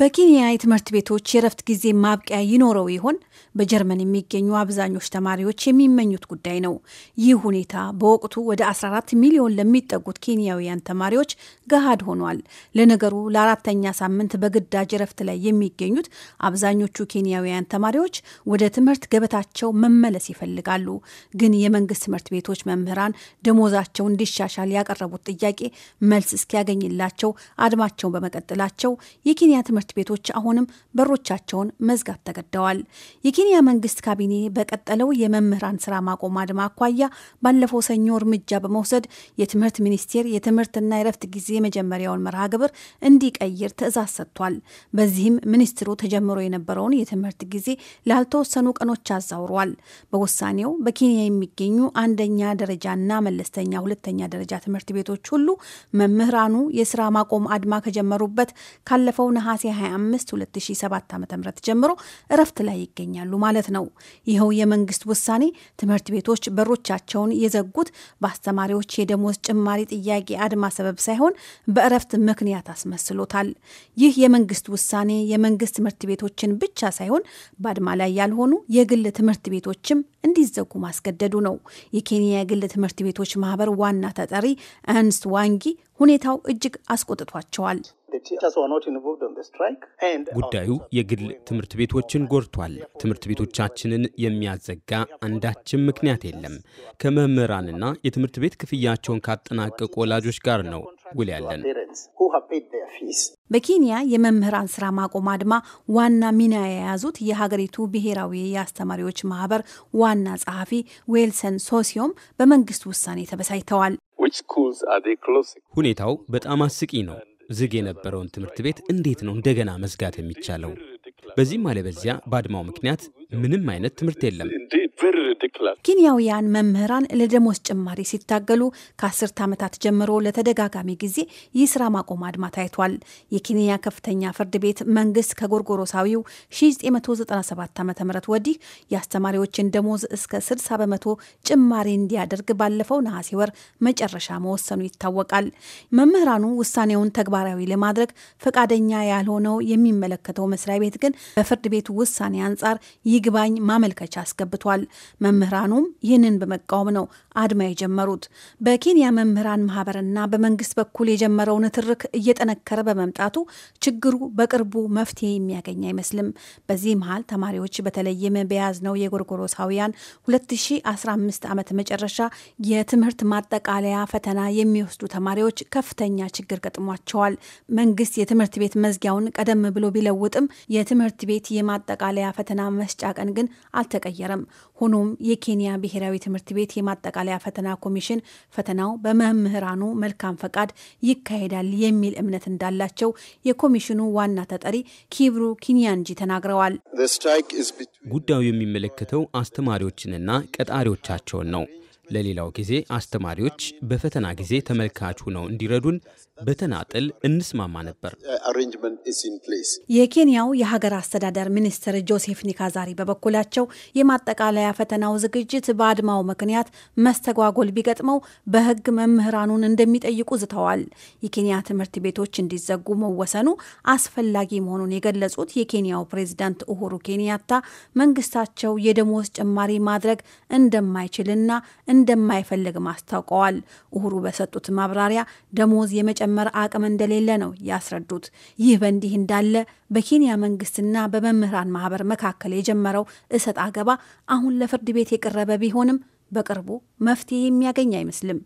በኬንያ የትምህርት ቤቶች የረፍት ጊዜ ማብቂያ ይኖረው ይሆን? በጀርመን የሚገኙ አብዛኞች ተማሪዎች የሚመኙት ጉዳይ ነው። ይህ ሁኔታ በወቅቱ ወደ 14 ሚሊዮን ለሚጠጉት ኬንያውያን ተማሪዎች ገሃድ ሆኗል። ለነገሩ ለአራተኛ ሳምንት በግዳጅ ረፍት ላይ የሚገኙት አብዛኞቹ ኬንያውያን ተማሪዎች ወደ ትምህርት ገበታቸው መመለስ ይፈልጋሉ። ግን የመንግስት ትምህርት ቤቶች መምህራን ደሞዛቸው እንዲሻሻል ያቀረቡት ጥያቄ መልስ እስኪያገኝላቸው አድማቸውን በመቀጠላቸው የኬንያ ትምህርት ትምህርት ቤቶች አሁንም በሮቻቸውን መዝጋት ተገደዋል። የኬንያ መንግስት ካቢኔ በቀጠለው የመምህራን ስራ ማቆም አድማ አኳያ ባለፈው ሰኞ እርምጃ በመውሰድ የትምህርት ሚኒስቴር የትምህርትና የረፍት ጊዜ መጀመሪያውን መርሃ ግብር እንዲቀይር ትዕዛዝ ሰጥቷል። በዚህም ሚኒስትሩ ተጀምሮ የነበረውን የትምህርት ጊዜ ላልተወሰኑ ቀኖች አዛውሯል። በውሳኔው በኬንያ የሚገኙ አንደኛ ደረጃና መለስተኛ ሁለተኛ ደረጃ ትምህርት ቤቶች ሁሉ መምህራኑ የስራ ማቆም አድማ ከጀመሩበት ካለፈው ነሐሴ 25 2007 ዓ ም ጀምሮ እረፍት ላይ ይገኛሉ ማለት ነው። ይኸው የመንግስት ውሳኔ ትምህርት ቤቶች በሮቻቸውን የዘጉት በአስተማሪዎች የደሞዝ ጭማሪ ጥያቄ አድማ ሰበብ ሳይሆን በእረፍት ምክንያት አስመስሎታል። ይህ የመንግስት ውሳኔ የመንግስት ትምህርት ቤቶችን ብቻ ሳይሆን በአድማ ላይ ያልሆኑ የግል ትምህርት ቤቶችም እንዲዘጉ ማስገደዱ ነው። የኬንያ የግል ትምህርት ቤቶች ማህበር ዋና ተጠሪ አንስት ዋንጊ ሁኔታው እጅግ አስቆጥቷቸዋል። ጉዳዩ የግል ትምህርት ቤቶችን ጎድቷል። ትምህርት ቤቶቻችንን የሚያዘጋ አንዳችም ምክንያት የለም። ከመምህራንና የትምህርት ቤት ክፍያቸውን ካጠናቀቁ ወላጆች ጋር ነው ውል ያለን። በኬንያ የመምህራን ስራ ማቆም አድማ ዋና ሚና የያዙት የሀገሪቱ ብሔራዊ የአስተማሪዎች ማህበር ዋና ጸሐፊ ዌልሰን ሶሲዮም በመንግስት ውሳኔ ተበሳይተዋል። ሁኔታው በጣም አስቂ ነው። ዝግ የነበረውን ትምህርት ቤት እንዴት ነው እንደገና መዝጋት የሚቻለው? በዚህም አለበዚያ በአድማው ምክንያት ምንም አይነት ትምህርት የለም። ኬንያውያን መምህራን ለደሞዝ ጭማሪ ሲታገሉ ከአስርት ዓመታት ጀምሮ ለተደጋጋሚ ጊዜ የስራ ማቆም አድማ ታይቷል። የኬንያ ከፍተኛ ፍርድ ቤት መንግስት ከጎርጎሮሳዊው 1997 ዓ ም ወዲህ የአስተማሪዎችን ደሞዝ እስከ 60 በመቶ ጭማሪ እንዲያደርግ ባለፈው ነሐሴ ወር መጨረሻ መወሰኑ ይታወቃል። መምህራኑ ውሳኔውን ተግባራዊ ለማድረግ ፈቃደኛ ያልሆነው የሚመለከተው መስሪያ ቤት ግን በፍርድ ቤቱ ውሳኔ አንጻር ይግባኝ ማመልከቻ አስገብቷል። መምህራኑም ይህንን በመቃወም ነው አድማ የጀመሩት። በኬንያ መምህራን ማህበርና በመንግስት በኩል የጀመረው ንትርክ እየጠነከረ በመምጣቱ ችግሩ በቅርቡ መፍትሄ የሚያገኝ አይመስልም። በዚህ መሀል ተማሪዎች በተለይም በያዝነው የጎርጎሮሳውያን 2015 ዓመት መጨረሻ የትምህርት ማጠቃለያ ፈተና የሚወስዱ ተማሪዎች ከፍተኛ ችግር ገጥሟቸዋል። መንግስት የትምህርት ቤት መዝጊያውን ቀደም ብሎ ቢለውጥም የትምህርት ቤት የማጠቃለያ ፈተና መስጫ ቀን ግን አልተቀየረም። ሆኖም የኬንያ ብሔራዊ ትምህርት ቤት የማጠቃለያ ፈተና ኮሚሽን ፈተናው በመምህራኑ መልካም ፈቃድ ይካሄዳል የሚል እምነት እንዳላቸው የኮሚሽኑ ዋና ተጠሪ ኪብሩ ኪንያንጂ ተናግረዋል። ጉዳዩ የሚመለከተው አስተማሪዎችንና ቀጣሪዎቻቸውን ነው። ለሌላው ጊዜ አስተማሪዎች በፈተና ጊዜ ተመልካች ሆነው እንዲረዱን በተናጥል እንስማማ ነበር። የኬንያው የሀገር አስተዳደር ሚኒስትር ጆሴፍ ኒካዛሪ በበኩላቸው የማጠቃለያ ፈተናው ዝግጅት በአድማው ምክንያት መስተጓጎል ቢገጥመው በሕግ መምህራኑን እንደሚጠይቁ ዝተዋል። የኬንያ ትምህርት ቤቶች እንዲዘጉ መወሰኑ አስፈላጊ መሆኑን የገለጹት የኬንያው ፕሬዝዳንት ኡሁሩ ኬንያታ መንግስታቸው የደሞዝ ጭማሪ ማድረግ እንደማይችልና እንደማይፈልግ ማስታውቀዋል። እሁሩ በሰጡት ማብራሪያ ደሞዝ የመጨመር አቅም እንደሌለ ነው ያስረዱት። ይህ በእንዲህ እንዳለ በኬንያ መንግስትና በመምህራን ማህበር መካከል የጀመረው እሰጥ አገባ አሁን ለፍርድ ቤት የቀረበ ቢሆንም በቅርቡ መፍትሄ የሚያገኝ አይመስልም።